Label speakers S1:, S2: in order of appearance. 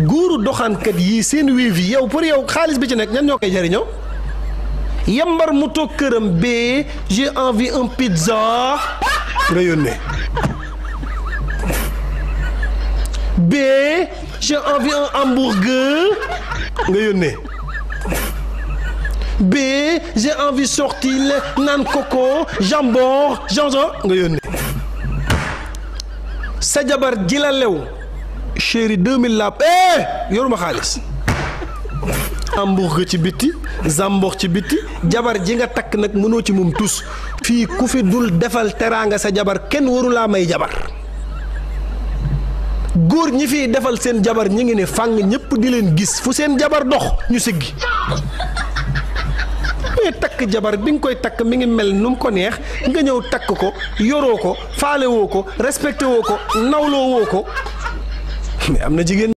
S1: doxan kat yi seen wéef yi yow pour yow xaalis bi ci nekk ñan ñoo koy jariñoo yambar mu toog këram bee j'ai envie un pizza nga yónnee j'ai envie un hamburger nga yónnee bee j'ai envie sortir nan coco jambon gingembre nga yónnee sa jabar ji la lew chéri 2000 laa eh yoruma xaalis ambuux ga ci bitti zambox ci bitti jabar ji nga takk nag mënoo ci moom tus fii ku fi dul defal teraanga sa jabar kenn warulaa may jabar góor ñi fiy defal seen jabar ñi ngi ne fàng ñépp di leen gis fu seen jabar dox ñu siggi mais takk jabar bi nga koy takk mi ngi mel nu ko neex nga ñëw takk ko yoroo ko faalewoo ko respecté woo ko nawloo woo ko mais am na jigéen